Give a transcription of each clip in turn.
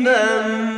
من النار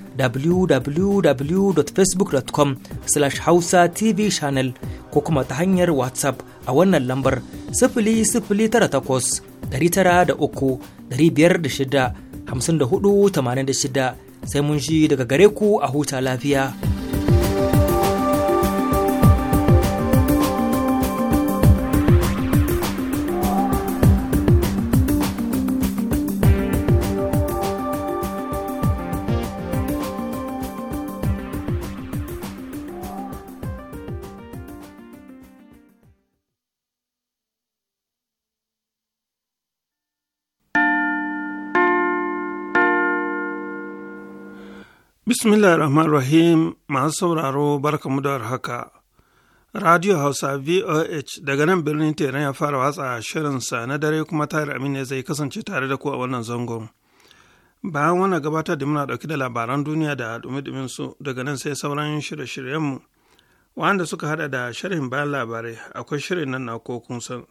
www.facebook.com slash hausa tv channel ko kuma ta hanyar whatsapp a wannan lambar 00983 506 shida sai mun shi daga gare ku a huta lafiya. Bismillah rahman rahim masu sauraro barkamu da haka. Radio Hausa VOH daga nan birnin Teran ya fara watsa shirinsa na dare kuma tare ne zai kasance tare da ku a wannan zangon. Bayan wannan gabatar da muna ɗauki da labaran duniya da dumi su daga nan sai sauran shirye-shiryenmu wanda suka hada da sharhin bayan labarai akwai shirin nan na ko san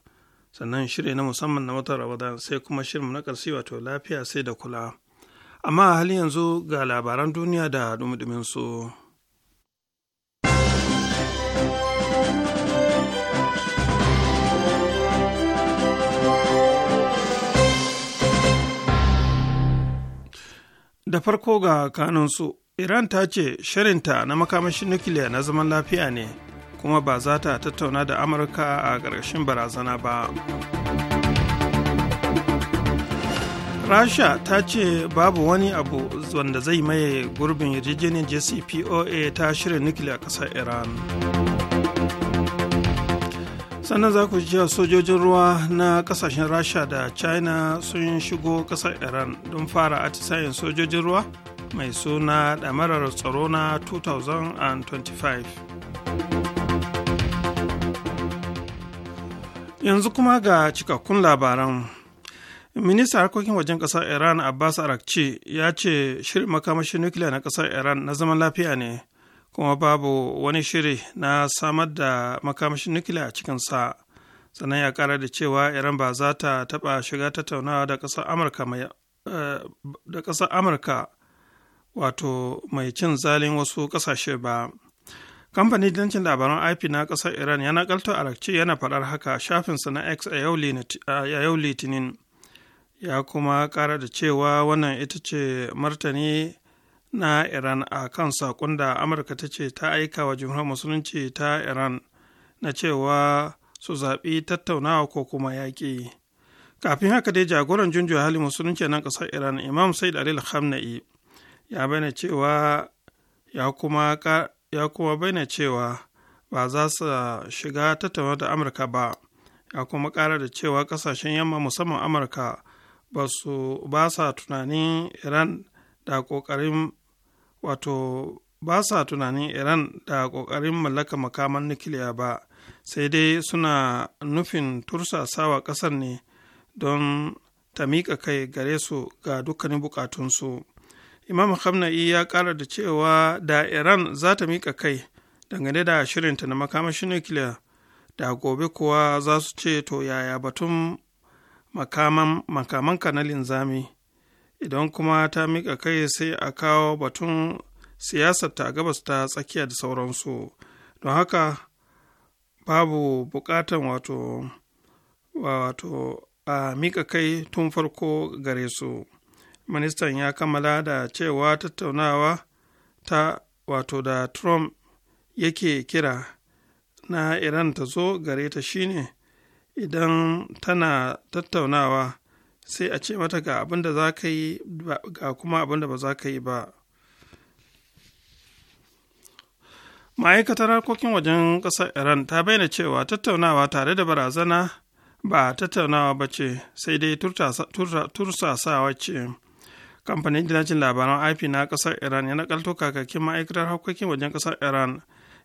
sannan shiri na musamman na watan Ramadan sai kuma shirin na ƙarshe wato lafiya sai da kula. amma halin yanzu ga labaran duniya da dumudumin su. Da farko ga kanunsu, Iran ta ce shirinta na makamashin nukiliya na zaman lafiya ne, kuma ba za ta tattauna da Amurka a ƙarƙashin barazana ba. rasha ta ce babu wani abu wanda zai maye gurbin yarjejeniyar jcpoa ta shirin nukiliya ƙasar iran sannan za ku ji sojojin ruwa na kasashen rasha da china sun shigo ƙasar iran don fara atisayen sojojin ruwa mai suna damarar tsaro na 2025 yanzu kuma ga cikakkun labaran Ministan harkokin wajen ƙasar Iran Abbas Arakci ya ce shirin makamashin nukiliya na ƙasar Iran na zaman lafiya ne kuma babu wani shiri na samar da makamashin nukiliya a cikinsa. Sannan ya ƙara da cewa Iran ba za ta taɓa shiga tattaunawa da ƙasar Amurka eh, wato mai cin zalin wasu ƙasashe ba. Kamfanin dancin labaran IP na ƙasar Iran yana nakalto Arakci yana faɗar haka shafinsa na X a yau Litinin. ya kuma kara da cewa wannan ita ce martani na iran a kan saƙon da amurka ta ce ta aika wa jimhuriyar musulunci ta iran na cewa su zaɓi tattaunawa ko kuma yaƙi kafin haka dai jagoran junjo hali musulunci nan ƙasar iran imam sai alil hamna'i ya bayyana cewa ya kuma ya kuma bayyana cewa ba za su shiga tattaunawa da amurka ba ya kuma ƙara da cewa ƙasashen yamma musamman amurka ba su ba sa tunanin iran da kokarin wato ba sa tunanin iran da ƙoƙarin mallaka makaman nukiliya ba sai dai suna nufin tursasawa ƙasar ne don ta miƙa kai gare su ga dukkanin bukatunsu imam hamna'i ya ƙara da cewa da iran za ta miƙa kai dangane da shirinta na makamashin nukiliya da gobe kuwa za su ce to yaya batun makaman makamanka na linzami idan kuma ta miƙa kai sai a kawo batun siyasar ta gabas ta tsakiya da sauransu don haka babu buƙatan wato wato a miƙa kai tun farko gare su ministan ya kammala da cewa tattaunawa ta wato da trump yake kira na iran ta zo gare ta shine idan tana tattaunawa sai a ce mata ga abin da za ka yi ga kuma abin da ba za ka yi ba ma'aikatar harkokin wajen ƙasar iran ta bayyana cewa tattaunawa tare da barazana ba tattaunawa ba ce sai dai tursasawa ce kamfanin jinajin labaran ip na ƙasar iran ya nakalto kakakin ma'aikatar harkokin wajen ƙasar iran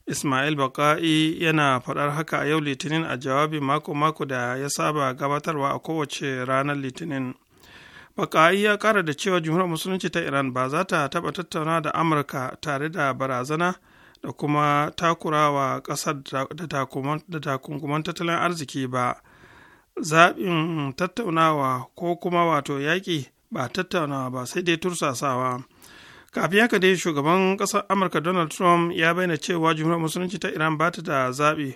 Ismail Baka'i yana faɗar haka a yau Litinin a jawabin mako-mako da ya saba gabatarwa a kowace ranar Litinin. Baka'i ya ƙara da cewa Jumhuriyar Musulunci ta Iran ba za ta taɓa tattauna da Amurka tare da barazana da kuma takurawa ƙasar da takunguman tattalin arziki ba. Zaɓin tattaunawa ko kuma wato yaƙi ba tattaunawa ba sai dai tursasawa. kafin haka dai shugaban ƙasar amurka donald trump ya bayyana cewa jumhuriyar musulunci ta iran ba ta da zaɓi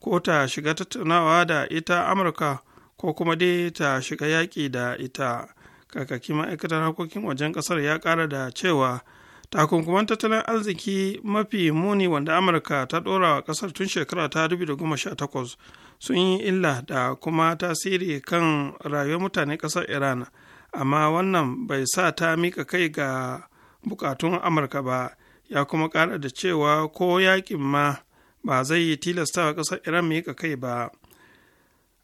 ko ta shiga tattaunawa da ita amurka ko kuma dai ta shiga yaƙi da ita kakaki ma'aikatar harkokin wajen ƙasar ya ƙara da cewa takunkuman tattalin arziki mafi muni wanda amurka ta ɗora wa ƙasar tun shekara ta da sha 2018 sun yi illa da kuma tasiri kan rayuwar mutane ƙasar iran amma wannan bai sa ta mika kai ga bukatun amurka ba ya kuma ƙara da cewa ko yakin ma ba zai yi tilasta wa kasar iran miƙa kai ba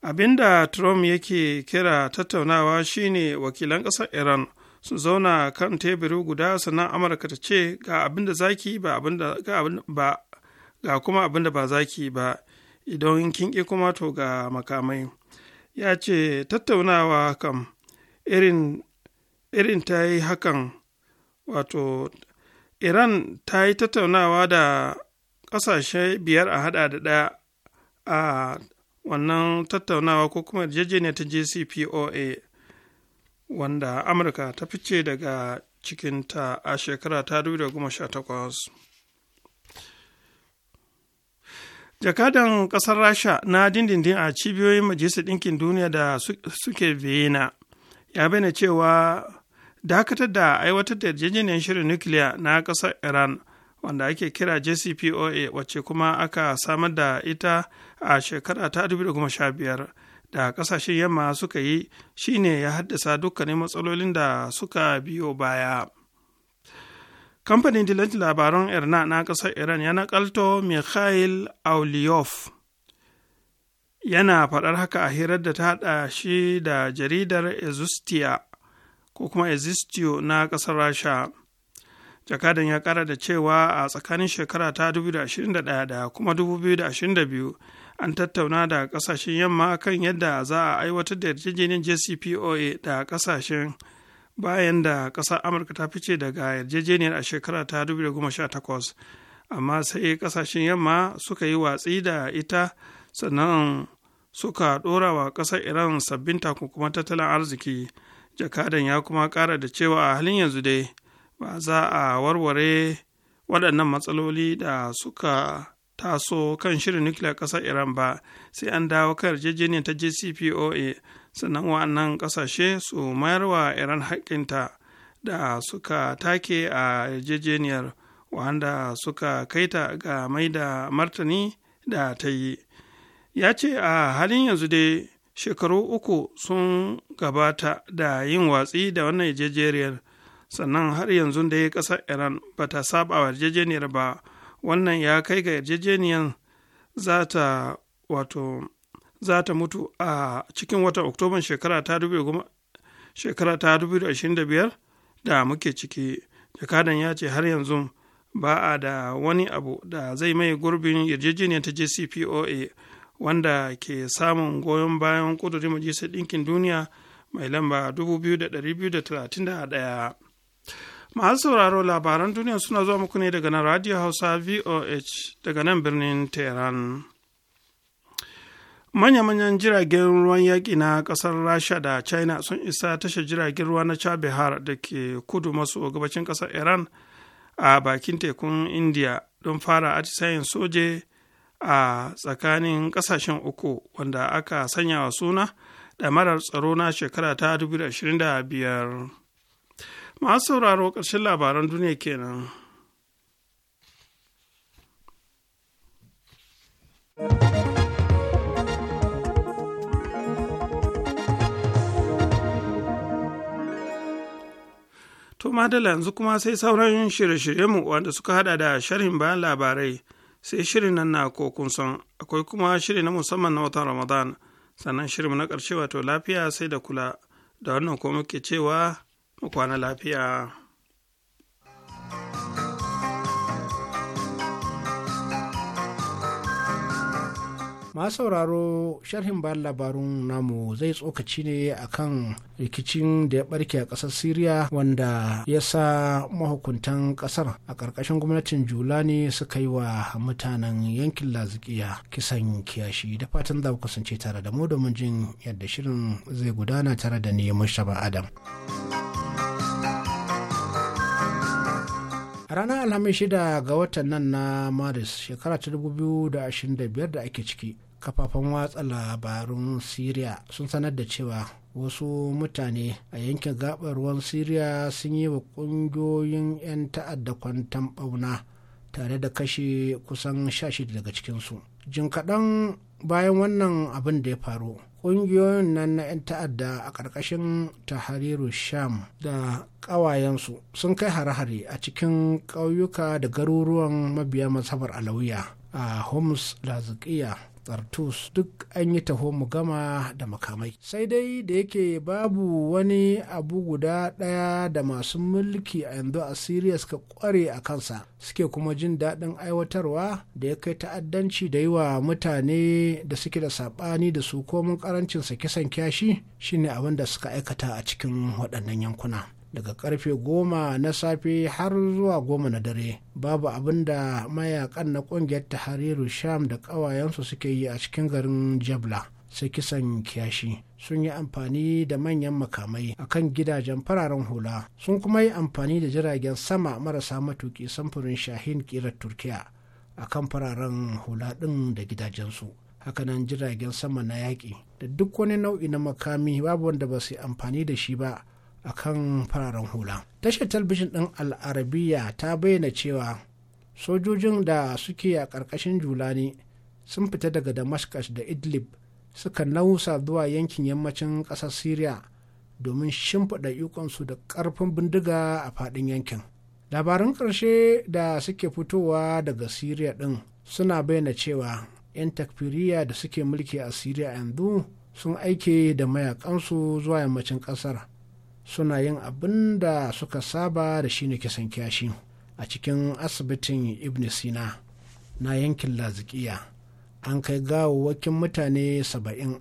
abinda trump yake kira tattaunawa shine wakilan kasar iran su zauna kan teburi guda sannan amurka ta ce ga abinda zaki ba abinda ba ga kuma abinda ba zaki ba idan kin ki kuma to ga makamai ya ce tattaunawa kam irin ta yi hakan wato iran ta yi tattaunawa da ƙasashe biyar a hada da ɗaya a wannan tattaunawa ko kuma yarjejeniya ta jcpoa wanda amurka ta fice daga cikinta a shekara ta 2018 jakadan ƙasar rasha na dindindin a cibiyoyin majalisar ɗinkin duniya da suke vienna ya bayyana cewa dakatar da aiwatar da yarjejeniyar shirin nukiliya na ƙasar iran wanda ake kira jcpoa wacce kuma aka samar da ita a shekara ta 2015 da ƙasashen yamma suka yi shine ya haddasa dukkanin matsalolin da suka biyo baya kamfanin dilanci labaran irna na ƙasar iran ya naƙalto mikhail auliyov yana faɗar haka a hirar da ta haɗa shi da jaridar ezustia ko kuma Existio na ƙasar Rasha. Jakadan ya ƙara da cewa a tsakanin shekara ta 2021 da kuma 2022 an tattauna da ƙasashen yamma kan yadda za a aiwatar da yarjejeniyar JCPOA da ƙasashen bayan da ƙasar Amurka ta fice daga yarjejeniyar a shekara ta 2018. Amma sai ƙasashen yamma suka yi watsi da ita sannan suka ɗora wa ƙasar Iran sabbin takunkuman tattalin arziki. jakadan ya kuma ƙara da cewa a halin yanzu dai ba za a warware waɗannan matsaloli da suka taso kan shirin nukiliyar ƙasar iran ba sai an dawo kan yarjejeniyar ta jcpoa sannan wa'annan ƙasashe su mayar wa iran haƙƙinta da suka take a yarjejeniyar wanda suka kaita ga mai da martani da ta yi ya ce a halin yanzu dai shekaru uku sun gabata da yin watsi da wannan yarjejeniyar sannan har yanzu da ya kasar iran ba ta saba wa yarjejeniyar ba wannan ya kai ga yarjejeniyar za ta mutu a cikin watan oktoban shekara ta shekara ta 2025 da muke ciki jakadan ya ce har yanzu ba a da wani abu da zai mai gurbin yarjejeniyar ta jcpoa wanda ke samun goyon bayan kudurin majalisar ɗinkin duniya mai lamba 2231 masu sauraro labaran duniya suna zuwa muku ne daga nan radio hausa voh daga nan birnin tehran manya-manyan jiragen ruwan yaƙi na ƙasar rasha da china sun isa tashar jiragen ruwa na chabihar da ke kudu maso gabacin ƙasar iran a bakin tekun indiya don fara atisayen soje a tsakanin ƙasashen uku wanda aka sanya wa suna da ɗamarar tsaro na shekara ta 2025 masu sauraro ƙarshen labaran duniya kenan. To madala yanzu kuma sai sauran shirye-shiryenmu wanda suka hada da sharhin bayan labarai sai shirin nan na ko kun san akwai kuma shiri na musamman na watan ramadan sannan shirin na karshe wato lafiya sai da kula da wannan ko muke cewa mu kwana lafiya. masu sauraro sharhin bayan labarun namu zai tsokaci ne akan rikicin da ya barke a ƙasar syria wanda ya sa mahukuntan ƙasar a ƙarƙashin gwamnatin jula ne suka yi wa mutanen yankin lazikiya kisan kiyashi da fatan za ku kasance tare da mu domin jin yadda shirin zai gudana tare da ni mushaba adam a ranar alhamis shida ga watan nan na maris shekara ta 2025 da ake ciki kafafen watsa labarun Siriya sun sanar da cewa wasu mutane a yankin gabar ruwan Siriya sun yi wa kungiyoyin 'yan ta'adda kwantan bauna tare da kashe kusan 16 daga cikinsu jin kaɗan bayan wannan abin da ya faru ƙungiyoyin nan na 'yan ta'adda a ƙarƙashin tahariru sham da ƙawayensu sun kai hare-hare a cikin ƙauyuka da garuruwan mabiya mazhabar alawiya a homs laziƙiya tartus duk an yi taho mu gama da makamai sai dai da yake babu wani abu guda ɗaya da masu mulki a yanzu a siriya suka kware a kansa suke kuma jin daɗin aiwatarwa da ya kai ta'addanci da yi wa mutane da suke da saɓani da su komin ƙarancin sa kisan kyashi shine abin da suka aikata a cikin waɗannan yankuna daga karfe goma na safe har zuwa goma na dare babu abin da mayakan na kungiyar tahariru sham da kawayensu suke yi a cikin garin jabla sai kisan kiyashi sun yi amfani da manyan makamai a kan gidajen fararen hula sun kuma yi amfani da jiragen sama marasa matuki samfurin shahin kirar turkiya a kan fararen hula ɗin da gidajensu hakanan jiragen sama na yaƙi da duk wani nau'i na makami babu wanda ba su yi amfani da shi ba a kan fararen hula tashar talbijin ɗin al'arabiya ta bayyana cewa sojojin da suke a ƙarƙashin julani sun fita daga damascus da idlib suka nausa zuwa yankin yammacin ƙasar syria domin shimfiɗa ikonsu da ƙarfin bindiga a faɗin yankin labaran ƙarshe da suke fitowa daga syria ɗin suna bayyana cewa 'yan takfiriya da suke mulki a syria yanzu sun aike da mayakansu zuwa yammacin ƙasar suna yin abin da suka saba da shi ne kisan kyashi a cikin asibitin ibn sina na yankin lazikiya an kai gawawwakin mutane saba'in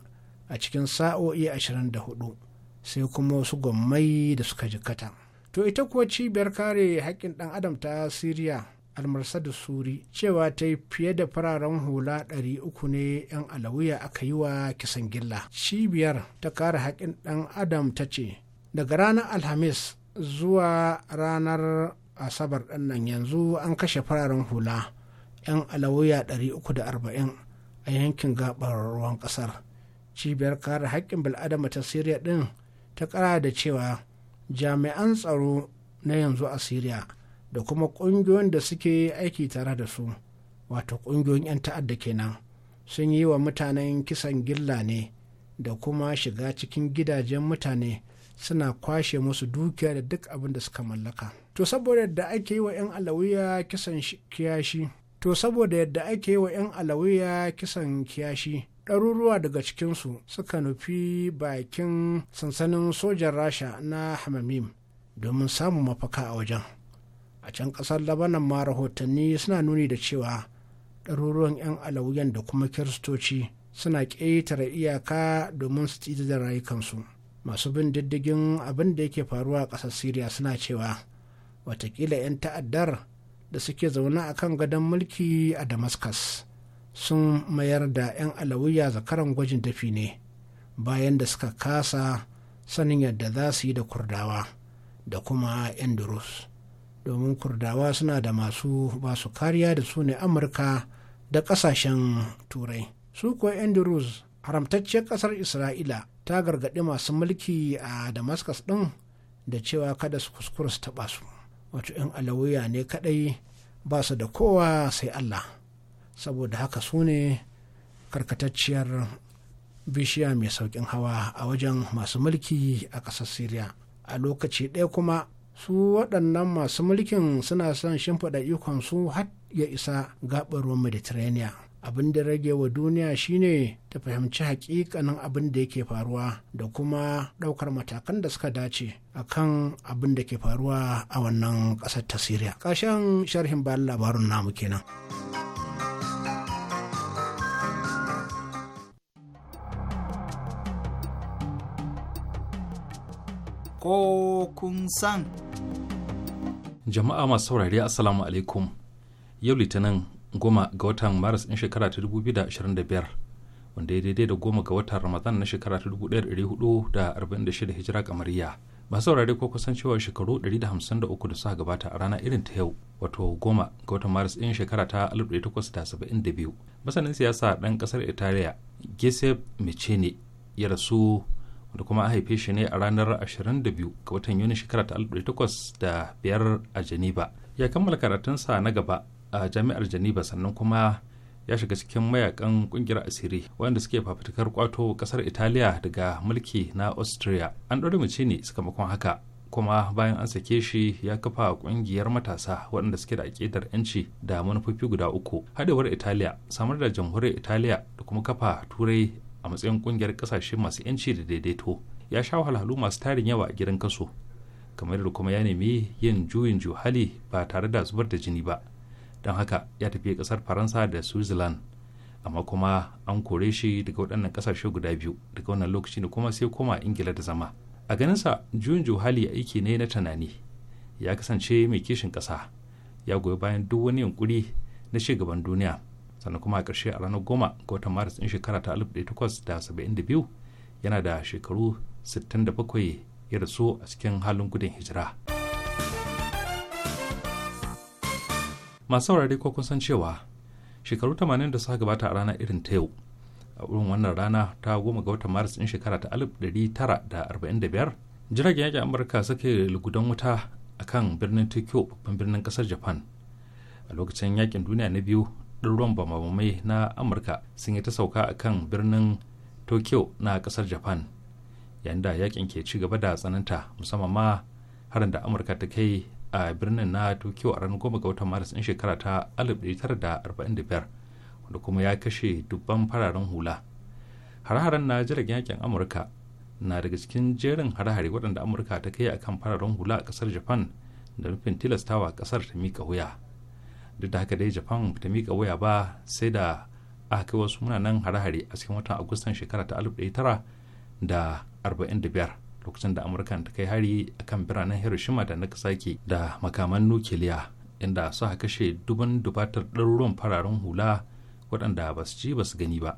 a cikin sa'o'i 24 sai kuma wasu gwammai da suka jikata to ita kuwa cibiyar kare haƙƙin ɗan adam ta siriya almarsa da suri cewa ta yi fiye da fararen hula 300 ne 'yan alawiya aka yi wa kisan gilla cibiyar ta kare haƙƙin ɗan adam ta ce daga ranar alhamis zuwa ranar asabar ɗannan yanzu an kashe fararen hula 'yan alawuya 340 a yankin gabar ruwan ƙasar cibiyar kare haƙƙin bil'adama ta siriya ɗin ta ƙara da cewa jami'an tsaro na yanzu a siriya da kuma ƙungiyoyin da suke aiki tare da su wato ƙungiyoyin 'yan ta'adda kenan sun yi wa mutanen kisan gilla ne da kuma shiga cikin gidajen mutane suna kwashe musu dukiya da duk abin da suka mallaka to saboda yadda ake yi wa 'yan alawiya kisan kiyashi to saboda yadda ake yi wa 'yan alawiya kisan kiyashi ɗaruruwa daga cikinsu suka nufi bakin sansanin sojan rasha na hamamim domin samun mafaka a wajen a can ƙasar labanan ma rahotanni suna nuni da cewa ɗaruruwan 'yan alawiyan da kuma kiristoci suna ƙetare iyaka domin su tsida da rayukansu masu bin diddigin abin da yake faruwa a ƙasar syria suna cewa watakila 'yan ta'addar da suke zaune a kan gadon mulki a damascus sun mayar da 'yan alawiya zakaran gwajin tafi ne bayan da suka kasa sanin yadda za su yi da kurdawa da kuma 'yan durus domin kurdawa suna da masu basu kariya da su ne amurka da ƙasashen turai su kuwa 'yan durus haramtacciyar ƙasar isra'ila ta gargaɗi masu mulki a damascus ɗin da cewa kada su kuskura su taɓa su wato 'yan alawiya ne kaɗai ba su da kowa sai allah saboda haka su ne karkatacciyar bishiya mai saukin hawa a wajen masu mulki a ƙasar Siriya. a lokaci ɗaya kuma su waɗannan masu mulkin suna son shimfiɗa ikonsu har ya isa gaɓar ruwan mediterranean abin da rage wa duniya shine ta fahimci hakikanin abin da yake faruwa da kuma ɗaukar matakan da suka dace a kan abin da ke faruwa a wannan ƙasar ta siriya ƙarshen sharhin bayan labarin namu kenan. ko kun san. Jama'a masu saurari Assalamu alaikum. Yau Litinin goma ga watan maris ɗin shekara ta biyar wanda ya daidai da goma ga watan ramadan na shekara ta shida hijira kamariya ba saurare ko kusan cewa shekaru ɗari da suka gabata a rana irin ta yau wato goma ga watan maris ɗin shekara ta da da saba'in biyu. masanin siyasa ɗan ƙasar italiya giuseppe mecene ya rasu wanda kuma a haife shi ne a ranar ashirin da biyu ga watan yuni shekara ta da biyar a geneva ya kammala karatunsa na gaba a jami'ar janiba sannan kuma ya shiga cikin mayakan kungiyar asiri wanda suke fafutukar kwato kasar italiya daga mulki na austria an ɗaure mace ne sakamakon haka kuma bayan an sake shi ya kafa kungiyar matasa waɗanda suke da aƙidar 'yanci da manufofi guda uku haɗewar italiya samar da jamhuriyar italiya da kuma kafa turai a matsayin kungiyar ƙasashe masu 'yanci da daidaito ya sha wahalhalu masu tarin yawa a gidan kaso kamar da kuma ya nemi yin juyin juhali ba tare da zubar da jini ba don haka ya tafi kasar faransa da switzerland amma kuma an kore shi daga waɗannan ƙasashe guda biyu daga wannan lokaci ne kuma sai koma ingila da zama a ganinsa juyin juhali aiki ne na tunani ya kasance mai kishin ƙasa ya goyi bayan duk wani yunkuri na shugaban duniya sannan kuma a ƙarshe a ranar goma ga watan maris ɗin shekara ta 1872 yana da shekaru 67 ya rasu a cikin halin gudun hijira. masu saurare ko kun san cewa shekaru 80 da suka gabata a rana irin ta yau a wurin wannan rana ta goma ga watan maris din shekara ta 1945 jiragen yakin amurka suka yi lugudan wuta a kan birnin tokyo babban birnin kasar japan a lokacin yakin duniya na biyu ruwan bamabamai na amurka sun yi ta sauka a kan birnin tokyo na kasar japan yayin da yakin ke ci gaba da tsananta musamman ma harin da amurka ta kai a birnin na tokyo a ranar goma ga watan maris ɗin shekara ta 1945 wanda kuma ya kashe dubban fararen hula hare-haren na jiragen yakin amurka na daga cikin jerin hare waɗanda amurka ta kai akan fararen hula a ƙasar japan da nufin tilastawa ƙasar ta mika wuya duk da haka dai japan ta mika wuya ba sai da aka kai wasu munanan hare a cikin watan agustan shekara ta 1945 lokacin da amurkan ta kai hari a kan biranen hiroshima da nagasaki da makaman nukiliya inda suka kashe duban dubatar ɗaruruwan fararen hula waɗanda ba su ci ba su gani ba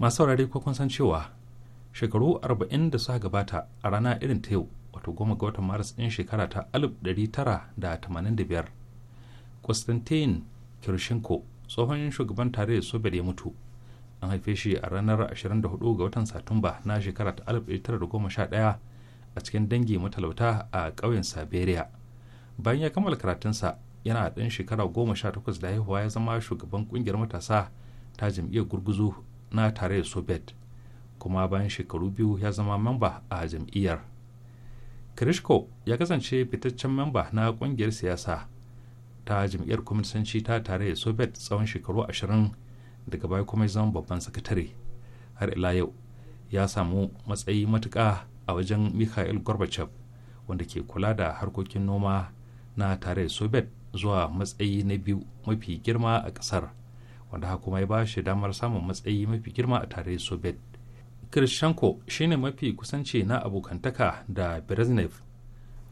masu saurare ko kun san cewa shekaru 40 da suka gabata a rana irin ta yau wato goma ga watan maris ɗin shekara ta alif tara da 1985 konstantin kirshenko tsohon shugaban tarayyar soviet ya mutu an haife shi a ranar 24 ga watan satumba na shekarar 1911 a cikin dangi matalauta a ƙauyen saberiya bayan ya kammala karatunsa yana ɗan shekara 18 da haihuwa ya zama shugaban ƙungiyar matasa ta jam'iyyar gurguzu na tare da soviet kuma bayan shekaru biyu ya zama mamba a jam'iyyar kirishko ya kasance fitaccen mamba na ƙungiyar siyasa ta jam'iyyar kwamitanci ta da soviet tsawon shekaru ashirin daga baya kuma zama babban sakatare har ila yau ya samu matsayi matuƙa a wajen mikhail gorbachev wanda ke kula da harkokin noma na tare soviet zuwa matsayi na biyu mafi girma a kasar wanda haka kuma ya ba shi damar samun matsayi mafi girma a tare soviet kirshenko shine mafi kusanci na abokantaka da brezhnev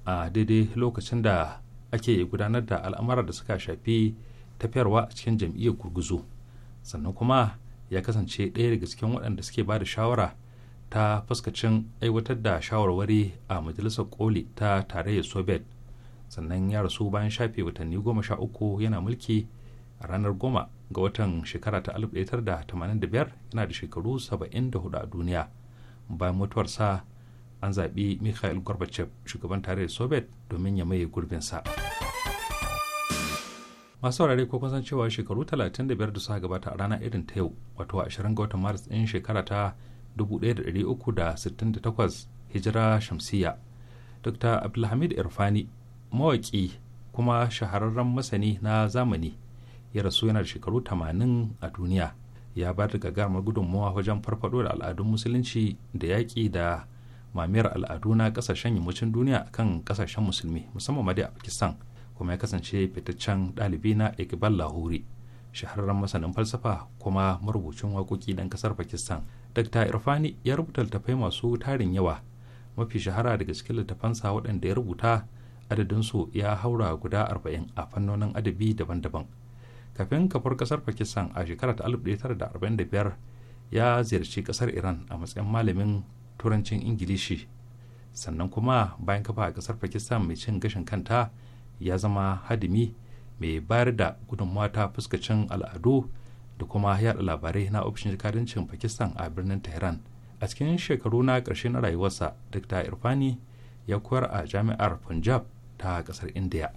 a daidai lokacin da ake gudanar da al'amura da suka shafi tafiyarwa a cikin jam'iyyar gurguzu. sannan kuma ya kasance ɗaya daga cikin waɗanda suke ba da shawara ta fuskacin aiwatar da shawarwari a majalisar koli ta tarayyar soviet sannan ya rasu bayan shafe watanni goma sha uku yana mulki a ranar goma ga watan shekara ta 1985 yana da shekaru 74 a duniya bayan mutuwarsa an zaɓi mikhail gorbachev shugaban tarayyar soviet domin ya maye gurbinsa. sa masu wurare ko san cewa shekaru 35 da suka gabata a rana irin ta yau wato 20 ga watan maris in shekara ta 1368 hijira shamsiyya dr abdulhamid irfani mawaƙi kuma shahararren masani na zamani ya rasu yana da shekaru 80 a duniya ya ba da gagarumar gudunmawa wajen farfado da al'adun musulunci da yaƙi da mamiyar al'adu na ƙasashen yammacin duniya kan ƙasashen musulmi musamman ma dai a pakistan kuma ya kasance fitaccen ɗalibi na iqbal lahori shahararren masanin falsafa kuma marubucin waƙoƙi ɗan ƙasar pakistan dr irfani ya rubuta littattafai masu tarin yawa mafi shahara daga cikin littafansa waɗanda ya rubuta su ya haura guda arba'in a fannonin adabi daban-daban kafin kafar ƙasar pakistan a shekara ta 1945 ya ziyarci ƙasar iran a matsayin malamin turancin ingilishi sannan kuma bayan kafa a ƙasar pakistan mai cin gashin kanta ya zama hadimi mai bayar da gudunmawa ta fuskacin al'adu da kuma yada labarai na ofishin jikadancin pakistan a birnin tehran a cikin shekaru na ƙarshe na rayuwarsa dr irfani ya koyar a jami'ar punjab ta ƙasar india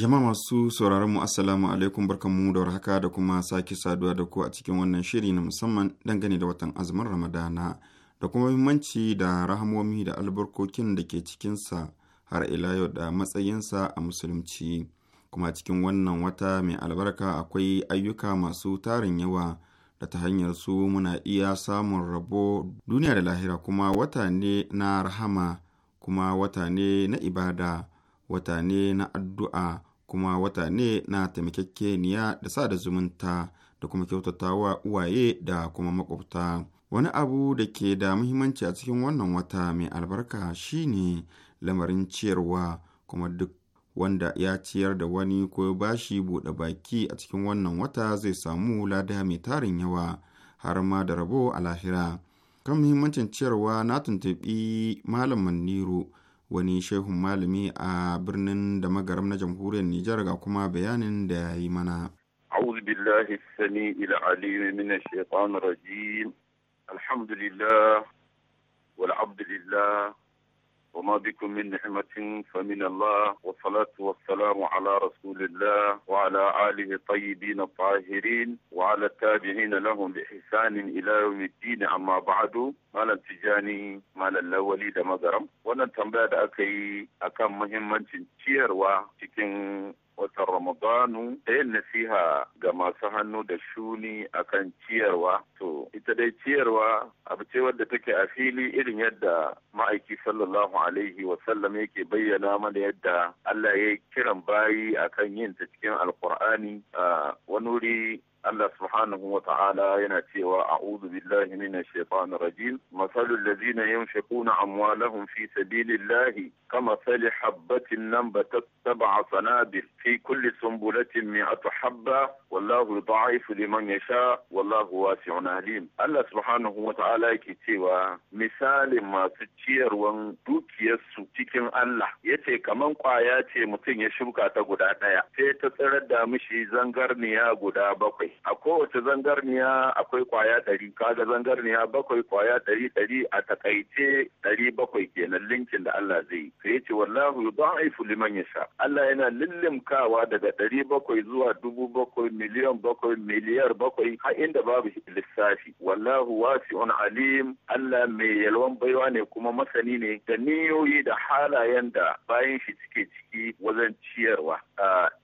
Jama'a masu sauraron mu assalamu alaikum barkanmu da warhaka da kuma sake saduwa da ku a cikin wannan shiri na musamman dangane da watan azumin Ramadana da kuma muhimmanci da rahamomi da albarkokin da ke cikinsa har ila yau da matsayinsa a musulunci. Kuma cikin wannan wata mai albarka akwai ayyuka masu tarin yawa da ta hanyar su muna iya samun rabo duniya da lahira kuma wata ne na rahama kuma wata ne na ibada. wata ne na addu'a kuma wata ne na taimakekeniya da sa da zumunta da kuma kyautatawa uwaye da kuma makwabta. Wani abu da ke da muhimmanci a cikin wannan wata mai albarka shine lamarin ciyarwa kuma duk wanda ya ciyar da wani ko bashi buɗe baki a cikin wannan wata zai samu lada mai tarin yawa har ma da rabo a lahira. Kan muhimmancin ciyarwa na tuntubi Malam niro wani shehun malami a birnin da magaram na jamhuriyar Nijar ga kuma bayanin da ya yi mana. أعوذ بالله السميع العليم من الشيطان الرجيم الحمد لله والعبد لله وما بكم من نعمة فمن الله والصلاة والسلام على رسول الله وعلى آله الطيبين الطاهرين وعلى التابعين لهم بإحسان إلى يوم الدين أما بعد مالا تجاني مالا الأولي da magaram wannan tambaya da aka yi akan muhimmancin ciyarwa cikin watan Ramadanu ta eh, yin nasiha ga masu hannu da shuni akan ciyarwa. To, ita dai ciyarwa abu ce wadda take a fili irin yadda ma'aiki sallallahu alaihi wasallam yake bayyana mana yadda Allah ya yi kiran bayi akan yinta cikin alkur'ani a wani wuri Allah subhanahu wa ta'ala yana cewa a'udhu billahi minash shaitanir rajim masalul ladzina yunfiquna amwalahum fi sabilillahi sali habatin nambatat sab'a sanabil fi kulli sunbulatin mi'atu habba wallahu yudha'ifu liman yasha wallahu wasi'un alim Allah subhanahu wa ta'ala yake cewa misalin masu ciyarwan dukiyarsu cikin Allah yace kaman kwaya ce mutum ya shuka ta guda daya sai ta tsirar da mishi zangarniya guda bakwai a kowace zangarniya akwai kwaya ɗari kaga zangarniya bakwai kwaya ɗari ɗari a takaice ɗari bakwai kenan linkin da Allah zai sai ce wallahu yudha'ifu liman yasha Allah yana lillimkawa daga ɗari bakwai zuwa dubu bakwai miliyan bakwai miliyar bakwai har inda babu lissafi wallahu wasi'un alim Allah mai yalwan baiwa ne kuma masani ne da niyoyi da halayen da bayan shi cike ciki wajen ciyarwa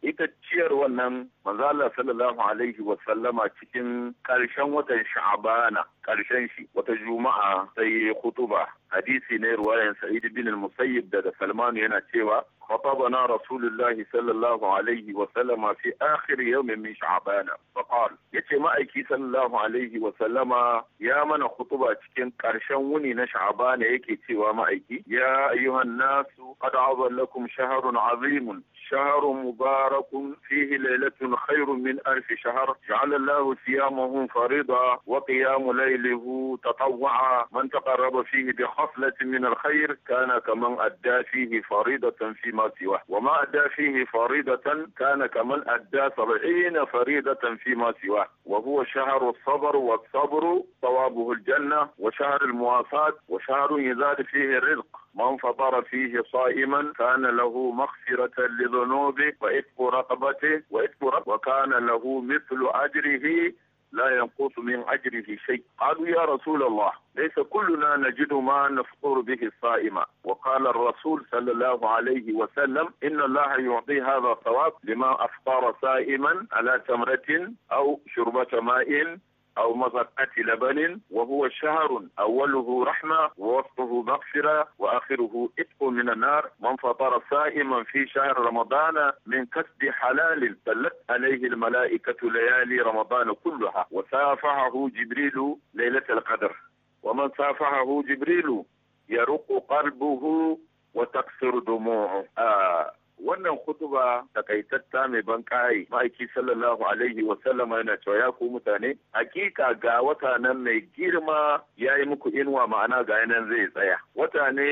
ita ciyarwa nan manzo Allah sallallahu alaihi wa wasallama cikin ƙarshen watan sha'abana ƙarshen shi wata juma'a sai ya hutuba hadisi ne ruwayan sa'id bin musayyib daga salmanu yana cewa خطبنا رسول الله صلى الله عليه وسلم في آخر يوم من شعبان فقال يتي مأيكي صلى الله عليه وسلم يا من خطبة تكين كرشوني نشعبان يكي تيوى مأيكي يا أيها الناس قد عظى لكم شهر عظيم شهر مبارك فيه ليلة خير من ألف شهر جعل الله صيامه فريضة وقيام ليله تطوعا من تقرب فيه بخصلة من الخير كان كمن أدى فيه فريضة في ما سواه وما أدى فيه فريضة كان كمن أدى سبعين فريضة فيما سواه وهو شهر الصبر والصبر ثوابه الجنة وشهر المواساة وشهر يزاد فيه الرزق من فطر فيه صائما كان له مغفرة لذنوبه وإثق رقبته وإثق رقبته وكان له مثل أجره لا ينقص من أجره شيء قالوا يا رسول الله ليس كلنا نجد ما نفطر به الصائم وقال الرسول صلى الله عليه وسلم إن الله يعطي هذا الثواب لما أفطر صائما على تمرة أو شربة ماء أو مضقة لبن وهو شهر أوله رحمة ووسطه مغفرة وآخره إتق من النار من فطر صائما في شهر رمضان من كسب حلال سلت عليه الملائكة ليالي رمضان كلها وسافعه جبريل ليلة القدر ومن سافعه جبريل يرق قلبه وتكسر دموعه آه wannan hutuba takaitatta mai ban kai ma'aiki sallallahu alaihi wa sallama yana cewa ya ku mutane hakika ga wata nan mai girma ya yi muku inuwa ma'ana ga yanan zai tsaya wata ne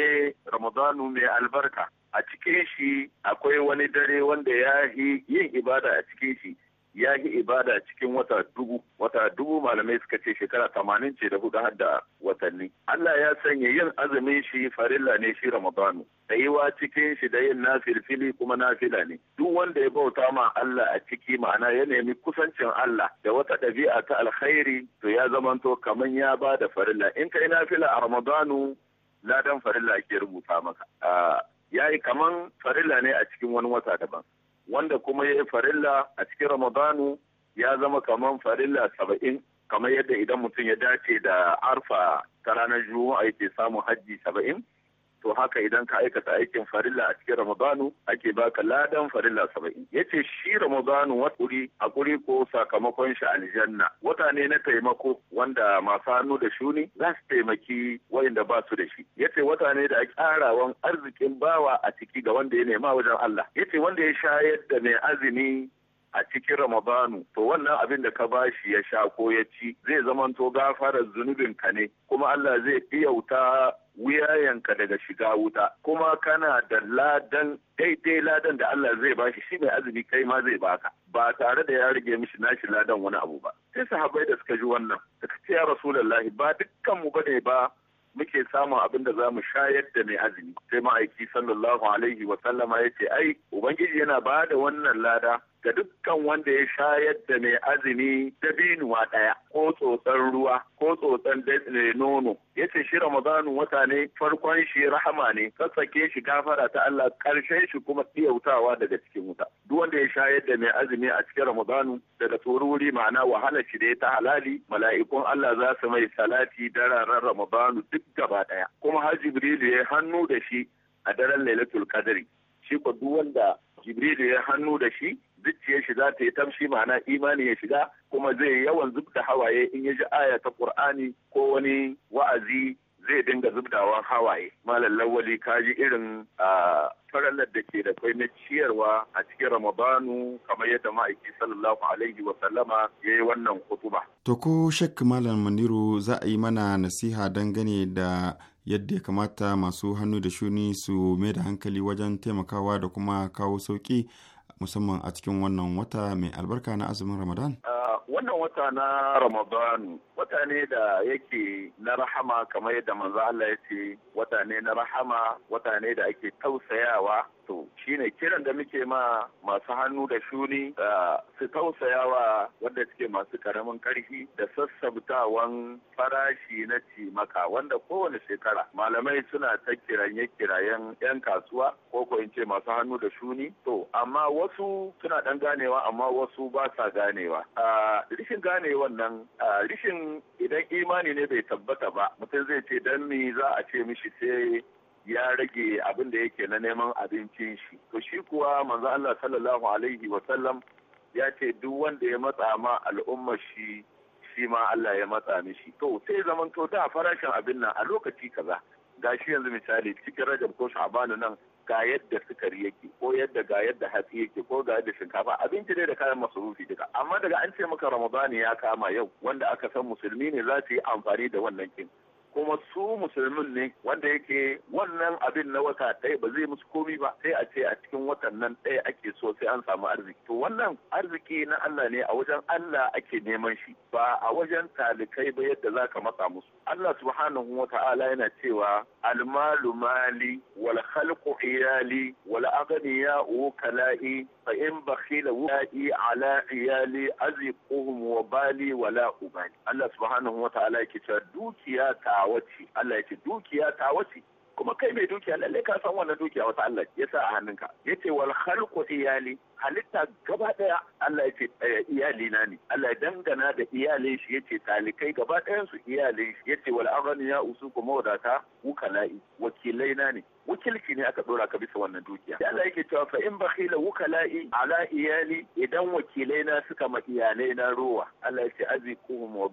ramadanu mai albarka a cikin shi akwai wani dare wanda ya yi yin ibada a cikin shi ya yi ibada cikin wata dubu wata dubu malamai suka ce shekara tamanin ce da hudu har watanni Allah ya sanya yin azumin shi farilla ne shi ramadanu tsayuwa cikin shi da yin nafilfili kuma nafila ne duk wanda ya bauta ma Allah a ciki ma'ana ya nemi kusancin Allah da wata ɗabi'a ta alkhairi to ya zamanto kaman ya ba da farilla in kai nafila a ramadanu ladan farilla ke rubuta maka ah, ya kaman farilla ne a cikin wani wata daban wanda kuma ya yi farilla a cikin ramadanu ya zama kamar farilla saba'in kamar yadda idan mutum ya dace da arfa ta ranar juma'a yake samun hajji saba'in to haka idan ka aikata aikin farilla a cikin ramadanu ake baka ladan farilla saba'in yace shi ramadanu wakuri a kuri ko sakamakon shi aljanna wata ne na taimako wanda masu hannu da shuni za su taimaki wayanda ba su da shi yace wata ne da karawan arzikin bawa a ciki ga wanda ya nema wajen Allah yace wanda ya shayar da mai azumi a cikin Ramadanu to wannan abin da ka bashi ya sha ko ya ci zai zamanto gafarar zunubin ka ne kuma Allah zai iyauta wuyayenka daga shiga wuta kuma kana da ladan daidai ladan da Allah zai bashi shi mai azumi kai ma zai baka ba tare da ya rage mishi nashi ladan wani abu ba sai sahabbai da suka ji wannan suka ce ya rasulullahi ba dukkan mu bane ba muke samun abin da za mu shayar da mai azumi sai ma'aiki sallallahu alaihi wa sallama ya ce ai ubangiji yana ba da wannan lada ga dukkan wanda ya shayar da mai azumi dabinuwa ɗaya ko tsotsan ruwa ko tsotsan nono ya ce shi ramadanu wata ne farkon shi rahama ne sassake shi gafara ta Allah ƙarshen shi kuma ɗiyautawa daga cikin wuta duk wanda ya shayar da mai azumi a cikin ramadanu daga tsoruri ma'ana wahala shi da ta halali mala'ikun Allah za su mai salati dararen ramadanu duk gaba ɗaya kuma har jibrilu ya hannu da shi a daren lailatul kadari shi ko duk wanda jibrilu ya hannu da shi zuciyar shi za ta yi tamshi ma'ana imani ya shiga kuma zai yawan zubda hawaye in ya ji aya ta qur'ani ko wani wa'azi zai dinga zubdawan hawaye malam lawali ka ji irin a farallar da ke da kai na ciyarwa a cikin ramadanu kamar yadda ma'aiki sallallahu alaihi wa sallama ya yi wannan kutuba. to ko shek malam maniru za a yi mana nasiha dangane da yadda ya kamata masu hannu da shuni su mai da hankali wajen taimakawa da kuma kawo sauki musamman a cikin wannan wata mai albarka na azumin Ramadan? wannan wata na Ramadan wata ne da yake na rahama kamar yadda manzo Allah ya ce wata ne na rahama wata ne da ake tausayawa To shine kiran da muke ma masu hannu da shuni da su tausayawa wanda suke masu karamin karfi da sassabtawan farashi na cimaka wanda kowane shekara malamai suna ta kiranye kirayen 'yan kasuwa ko ko ce masu hannu da shuni. To amma wasu suna dan ganewa amma wasu ba sa ganewa. Rishin ganewan nan rishin idan imani ne bai tabbata ba mutum zai ce dan me za a ce mishi sai ya rage abin da yake na neman abincin shi to shi kuwa manzo Allah sallallahu alaihi wa sallam ya ce duk wanda ya matsa ma al'umma shi shi ma Allah ya matsa mishi to sai zaman to da farashin abin nan a lokaci kaza gashi yanzu misali cikin rajab ko Sha'ban nan ga yadda sukari yake ko yadda ga yadda hatsi yake ko ga yadda shinkafa abinci dai da kayan masarufi duka amma daga an ce maka ramadani ya kama yau wanda aka san musulmi ne za su yi amfani da wannan kin kuma su musulmin ne wanda yake wannan abin na wata ɗaya ba zai musu komi ba sai a ce a cikin watan nan ɗaya ake so sai an samu arziki to wannan arziki na Allah ne a wajen Allah ake neman shi ba a wajen talikai ba yadda za ka matsa musu Allah subhanahu wa ta'ala yana cewa almalu mali wal khalqu iyali wal aghniya'u kala'i fa in bakhila wula'i ala iyali aziquhum wa bali wala ubali Allah subhanahu wa ta'ala yake cewa dukiya ta wace Allah yake dukiya ta wace kuma kai mai dukiya lalle ka san wannan dukiya wata Allah ya sa a hannunka yace wal khalqu iyali halitta gaba daya Allah yace eh, iyali na ne Allah ya dangana da iyali shi yace talikai gaba dayan su iyalin shi yace wal aghniya usukum wadata ukala'i wakilai na ne wakilci ne aka dora ka bisa wannan dukiya ya Allah yake cewa fa in bakhila wukala'i ala iyali idan wakilai na suka ma iyalai na ruwa Allah yake azikum wa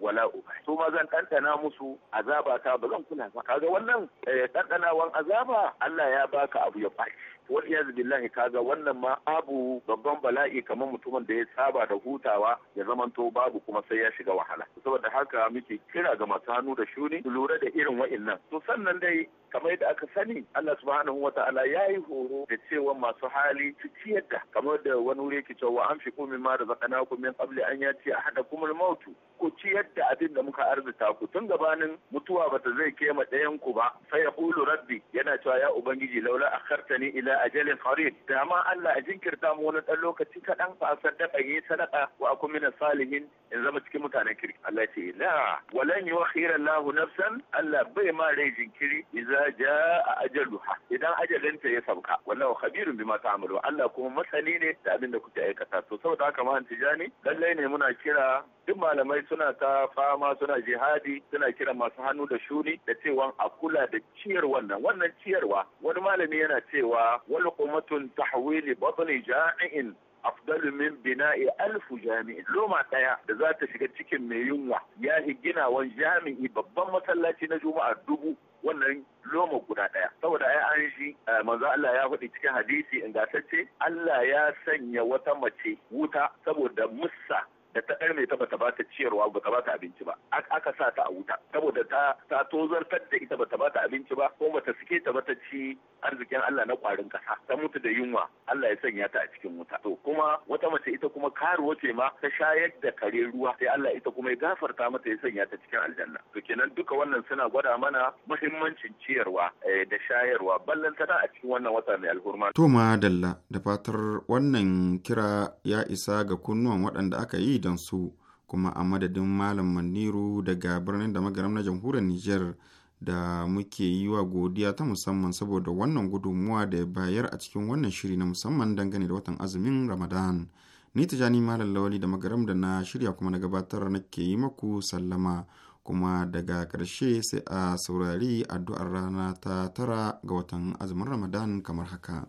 wala ubai su ma zan ɗanɗana musu azaba ta ba zan kula ba kaga wannan eh, ɗanɗanawan azaba Allah ya baka abu ya fashi wal iyaz billahi kaga wannan ma abu babban bala'i kamar mutumin da ya saba da hutawa ya zamanto babu kuma sai ya shiga wahala saboda haka muke kira ga masu hannu da shuni lura da irin wa'innan to sannan dai kamar yadda aka sani Allah subhanahu wa ta'ala ya yi horo da cewa masu hali su ciyar da kamar da wani wuri yake cewa an fi kumin ma da zakana kumin qabli an a yati kumar mautu ku ci yadda abin da muka arzika ku tun gabanin mutuwa bata zai kema ɗayan ku ba fa yaqulu rabbi yana cewa ya ubangiji laula akhartani ila ajalin qarib da ma Allah a jinkirta mu wani dan lokaci kaɗan fa sadaka yi sadaka wa akun min salihin in zama cikin mutanen kirki Allah ce la walan yuakhira Allahu nafsan Allah bai ma rai jinkiri idza jaa ajaluha idan ajalinta ya sauka wallahu khabirun bima ta'malu Allah kuma masani ne da abin da kuke aikata to saboda haka ma tijani lallai ne muna kira duk malamai suna ta fama suna jihadi suna kiran masu hannu da shuni da cewa a kula da ciyar wannan wannan ciyarwa wani malami yana cewa wani kumatun tahwili batni ja'in afdalu min bina'i alfu jami'in loma daya da za ta shiga cikin mai yunwa ya gina wani jami'i babban masallaci na juma'a dubu wannan loma guda ɗaya saboda ai an shi eh, manzo Allah ya faɗi cikin hadisi ce Allah ya sanya wata mace wuta saboda musa. da ta ɗarme ta bata bata ciyarwa bata bata abinci ba aka sa ta a wuta saboda ta ta tozartar da ita bata bata abinci ba kuma bata sike ta bata ci arzikin Allah na kwarin kasa ta mutu da yunwa Allah ya sanya ta a cikin wuta to kuma wata mace ita kuma karuwa ce ma ta shayar da kare ruwa sai Allah ita kuma ya gafarta mata ya sanya ta cikin aljanna to kenan duka wannan suna gwada mana muhimmancin ciyarwa eh, da shayarwa ballan tana a cikin wannan wata mai alhurma to madalla da fatar wannan kira ya isa ga kunnuwan waɗanda aka yi gidansu kuma a madadin malam maniru daga birnin da magaram na jamhuriyar niger da muke yi wa godiya ta musamman saboda wannan gudunmuwa da ya bayar a cikin wannan shiri na musamman dangane da watan azumin ramadan ni tijani malam lawali da magaram da na shirya kuma na gabatar nake yi maku sallama kuma daga ƙarshe sai a saurari addu'ar rana ta tara ga watan azumin ramadan kamar haka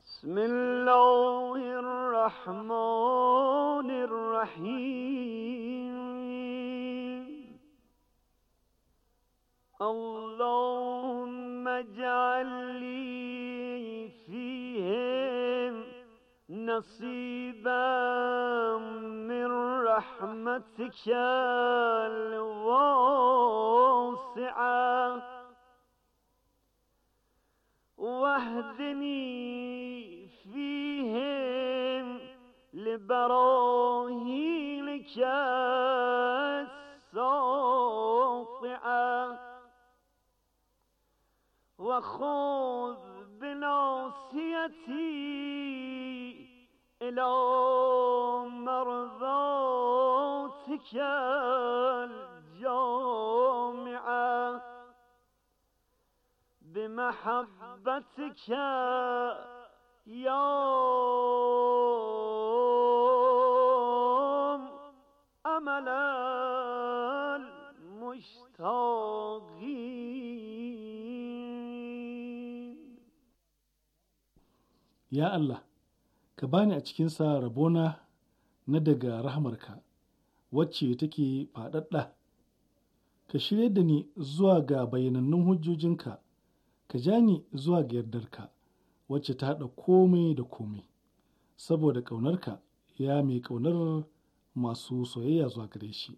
اللهم اجعل لي فيهم نصيبا رحمتك الواسعة واهدني فيهم لبراهينك الساطعة وخذ بناصيتي إلى مرضاتك الجامعة بمحبتك يوم أمل المشتاقين يا الله ka bani a cikinsa rabona na daga rahamarka wacce take faɗaɗɗa ka shirya da ni zuwa ga bayanannun hujjojinka ka ja ni zuwa ga yardarka wacce ta haɗa komai da komai saboda ƙaunarka ya mai ƙaunar masu soyayya zuwa gare shi.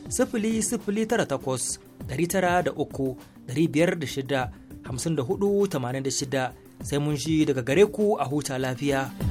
0098 506 5486 sai mun ji daga gare ku a huta lafiya.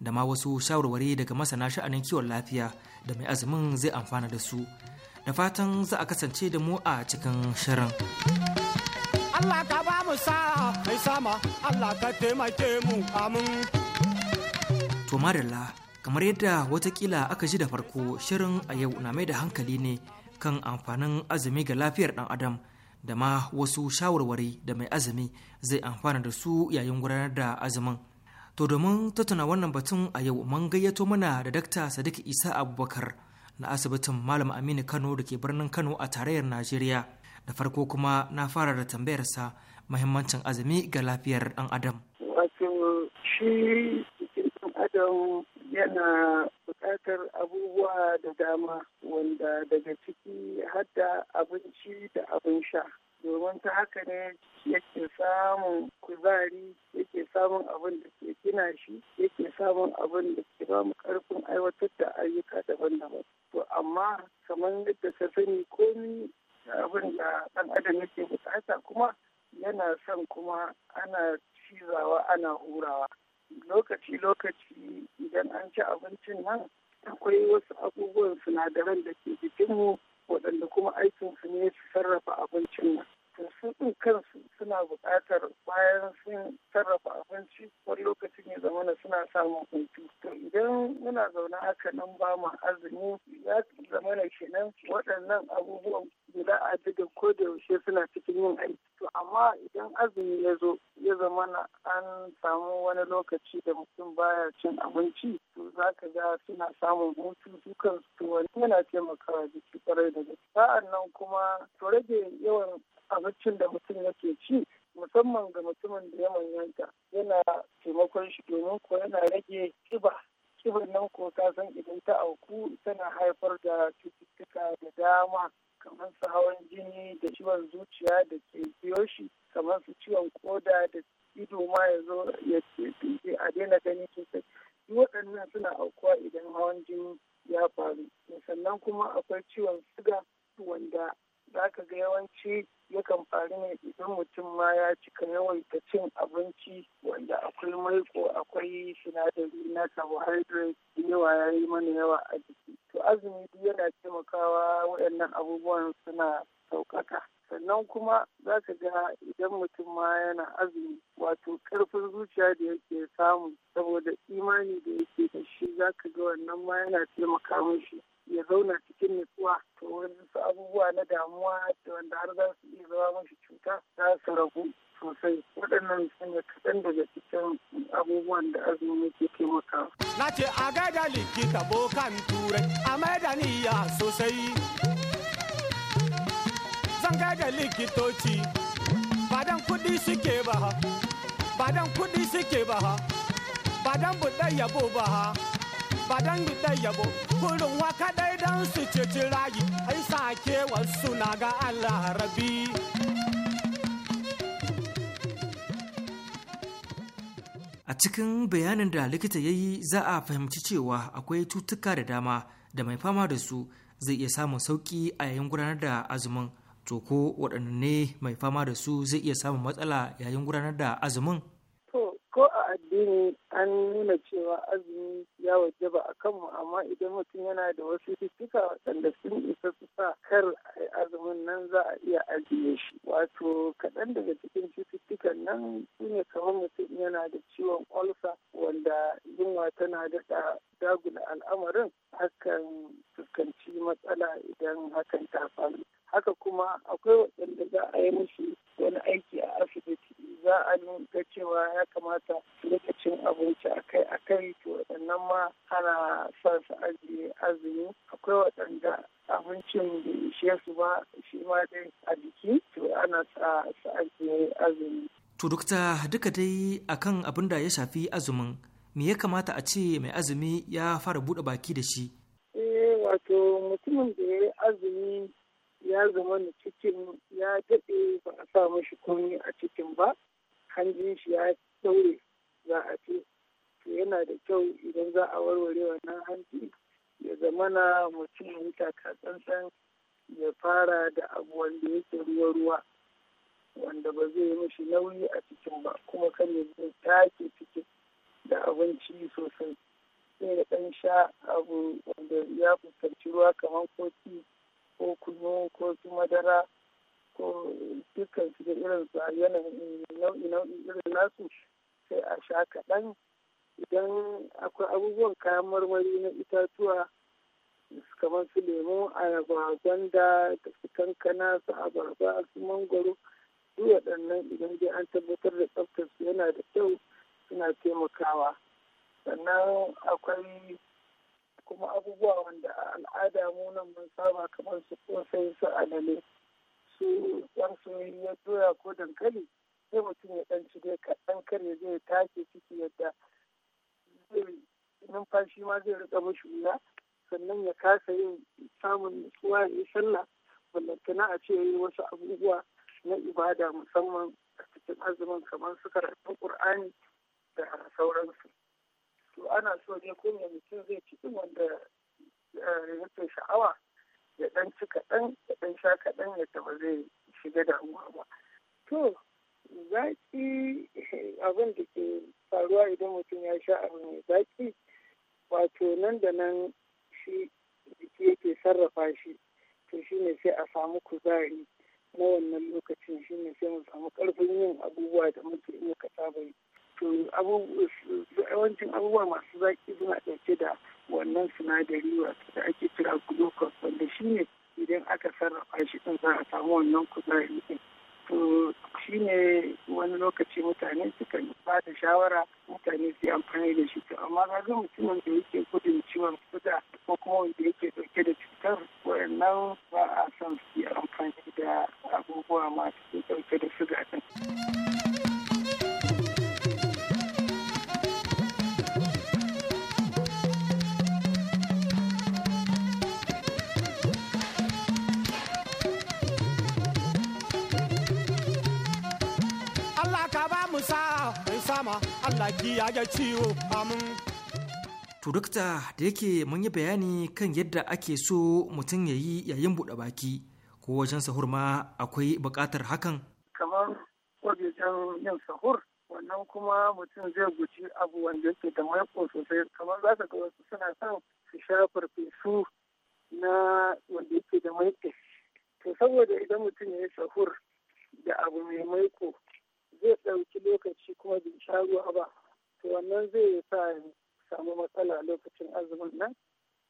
da ma wasu shawarwari daga masana sha'anin kiwon lafiya da mai azumin zai amfana da su da fatan za a kasance da mu a cikin shirin Allah ka ba mu sa'a mai sama Allah ka taimake mu amin to marilla kamar yadda watakila aka ji da farko shirin a yau na mai da hankali ne kan amfanin azumi ga lafiyar dan adam da ma wasu shawarwari da mai azumi zai amfana da su yayin gudanar da azumin To domin tattauna wannan batun a yau mun gayyato mana da Dakta Sadiq Isa Abubakar na asibitin Malam Aminu Kano da ke birnin Kano a tarayyar Najeriya. Da farko kuma na fara da tambayarsa muhimmancin azumi ga lafiyar ɗan adam. Wato shi ɗan adam yana buƙatar abubuwa da dama wanda daga ciki hadda abinci da abin sha domin ta haka ne yake samun kuzari yake samun abin da ke gina shi yake samun abin da ke ba mu karfin aiwatar da ayyuka daban-daban to amma kamar yadda ka sani komi abin da ɗan adam yake bukata kuma yana son kuma ana cizawa ana hurawa lokaci-lokaci idan an ci abincin nan akwai wasu abubuwan sinadaran da ke jikinmu waɗanda kuma aikinsu ne su sarrafa abincin nan to ɗin kansu suna buƙatar bayan sun sarrafa abinci wani lokacin ya zamana suna samun hutu to idan muna zaune haka nan ba mu azumi ya zamana kenan waɗannan abubuwan guda a jikin ko da yaushe suna cikin yin aiki to amma idan azumi ya zo ya zamana an samu wani lokaci da mutum baya cin abinci to za ka ga suna samun hutu su to wani yana taimakawa jiki kwarai da gaske sa'an nan kuma to rage yawan abincin da mutum yake ci musamman ga mutumin da ya manyanta yana taimakon shi domin ko yana rage kiba kibar nan ko ta san idan ta auku tana haifar da cututtuka da dama kamar su hawan jini da ciwon zuciya da ke biyo shi kamar su ciwon koda da ido ma ya zo ya a daina gani sosai duk waɗannan suna aukuwa idan hawan jini ya faru sannan kuma akwai ciwon suga wanda za ka ga yawanci yakan faru ne idan mutum ma ya cika yawaita cin abinci wanda akwai maiko akwai sinadari na carbohydrate yawa ya yi mana yawa a jiki to azumi duk yana taimakawa waɗannan abubuwan suna sauƙaƙa sannan kuma za ka ga idan mutum ma yana azumi wato karfin zuciya da yake samu saboda imani da yake da shi za ka ga wannan ma yana taimaka mishi ya zauna cikin nutsuwa to wasu abubuwa na damuwa da wanda har za su iya zama mashi cuta za su ragu sosai waɗannan sun ne kaɗan daga cikin abubuwan da azumi ke taimakawa. na ce a gaida likita bokan turai a maida niyya sosai zan gaida likitoci badan kuɗi suke ba ha badan kuɗi suke ba ha badan buɗe yabo ba ba dan gidan yabo kurin wa kadai dan su ceci rayi ai sake wasu na ga Allah rabi a cikin bayanin da likita ya yi za a fahimci cewa akwai cutuka da dama da mai fama da su zai iya samun sauki a yayin gudanar da azumin to ko waɗanne mai fama da su zai iya samun matsala yayin gudanar da azumin addini an nuna cewa azumi ya wajaba a kanmu amma idan mutum yana da wasu cututtuka waɗanda sun isa su sa kar azumin nan za a iya ajiye shi wato kaɗan daga cikin cututtukan nan sune ne kamar mutum yana da ciwon olsa wanda yunwa tana da dagula al'amarin hakan fuskanci matsala idan hakan ta faru haka kuma akwai waɗanda za a yi musu wani aiki a asibiti za a nuna cewa ya kamata To dukta duka dai akan abin da ya shafi azumin me ya kamata a ce mai azumi ya fara buɗe baki da shi azumin kamar su karatun ƙur'ani da sauransu to ana so ne ko me mutum zai ci wanda eh, yake sha'awa ya ɗan ci kaɗan ya ɗan sha kaɗan yadda ba zai shiga damuwa ba to zaƙi abin da ke faruwa idan mutum ya sha abu mai zaƙi wato nan da nan shi jiki yake sarrafa shi to shi ne sai a samu kuzari na wannan lokacin shine sai mu samu karfin yin abubuwa da muke iya kasa bai to yawancin abubuwa masu zaki suna ɗauke da wannan sinadari wato da ake kira glucose wanda shine idan aka sarrafa shi ɗin za a samu wannan kuzari ɗin to shine wani lokaci mutane kan ba da shawara mutane su yi amfani da shi amma ga mutumin da yake gudun ciwon suga ko kuma wanda yake dauke da cutar wayannan ba a son su yi amfani da abubuwa masu dauke da suga din. rama Allah ya ga ciwo amin. To dokta da yake mun yi bayani kan yadda ake so mutum ya yi yayin buɗe baki ko wajen sahur ma akwai buƙatar hakan? Kamar wajen yin sahur wannan kuma mutum zai guji abu wanda yake da maiko sosai kamar za ka ga wasu suna son su sha farfesu na wanda yake da maiko. To saboda idan mutum ya yi sahur da abu mai maiko zai ɗauki lokaci kuma bai sha ruwa ba to wannan zai sa ya samu matsala lokacin azumin nan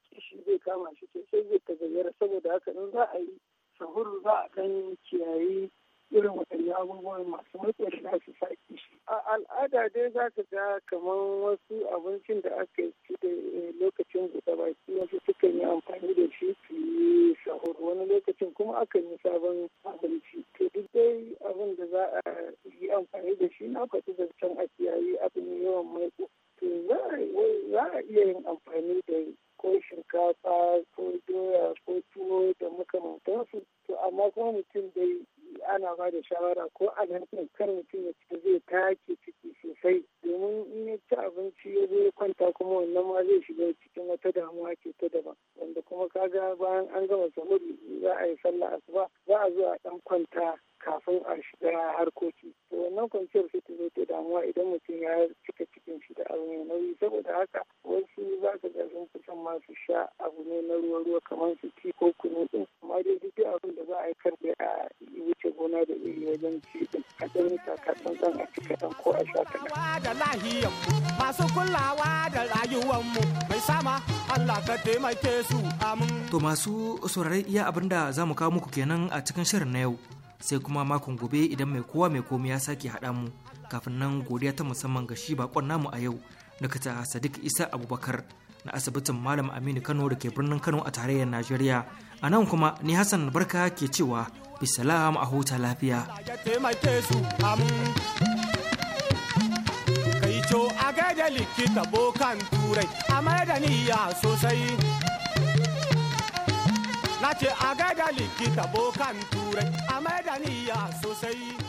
kishi zai kama shi sosai zai ta gayyara saboda haka in za a yi sahur za a kan kiyayi irin waɗannan abubuwan masu matsayin da su sa kishi. A al'ada dai za ka ga kamar wasu abincin da aka ci da eh, lokacin guda baki wasu sukan yi amfani da shi su yi sahur wani lokacin kuma aka yi sabon abinci. To duk dai abin da za a yi amfani da shi na faɗi can a kiyaye abin yawan maiko. to za a iya yin amfani da ko shinkafa ko doya ko tuwo da makamantansu to amma kuma mutum dai ana ba da shawara ko a nan kar mutum ya ci zai take ciki sosai domin in ya abinci ya zo ya kwanta kuma wannan ma zai shiga cikin wata damuwa ke ta daban wanda kuma kaga bayan an gama sahur za a yi sallah asuba za a zo a dan kwanta kafin a shiga harkoki to wannan kwanciyar sai ta zo ta damuwa idan mutum ya cika cikin shi da abu mai nauyi saboda haka wasu za ka ga sun fi son masu sha abu ne na ruwa ruwa kamar su ti ko kunu din amma dai duk abin da za a yi kar da a wuce gona da iri wajen ci din a ɗan taka ɗan ɗan a cika ɗan ko a sha kaɗan. da lahiyar masu kulawa da rayuwarmu mai sama Allah ka taimake su amin. To masu sauraron iya abinda da za mu kawo muku kenan a cikin shirin na yau. sai kuma makon gobe idan mai kowa mai komi ya sake haɗa mu kafin nan godiya ta musamman ga shi bakon namu a yau kata sadiq isa abubakar na asibitin malam aminu kano da ke birnin kano a tarayyar najeriya a nan kuma ni hassan barka ke cewa bisalam a huta lafiya a gaida likita bokan turai a sosai na ce a gaida likita bokan turai a maida niyya sosai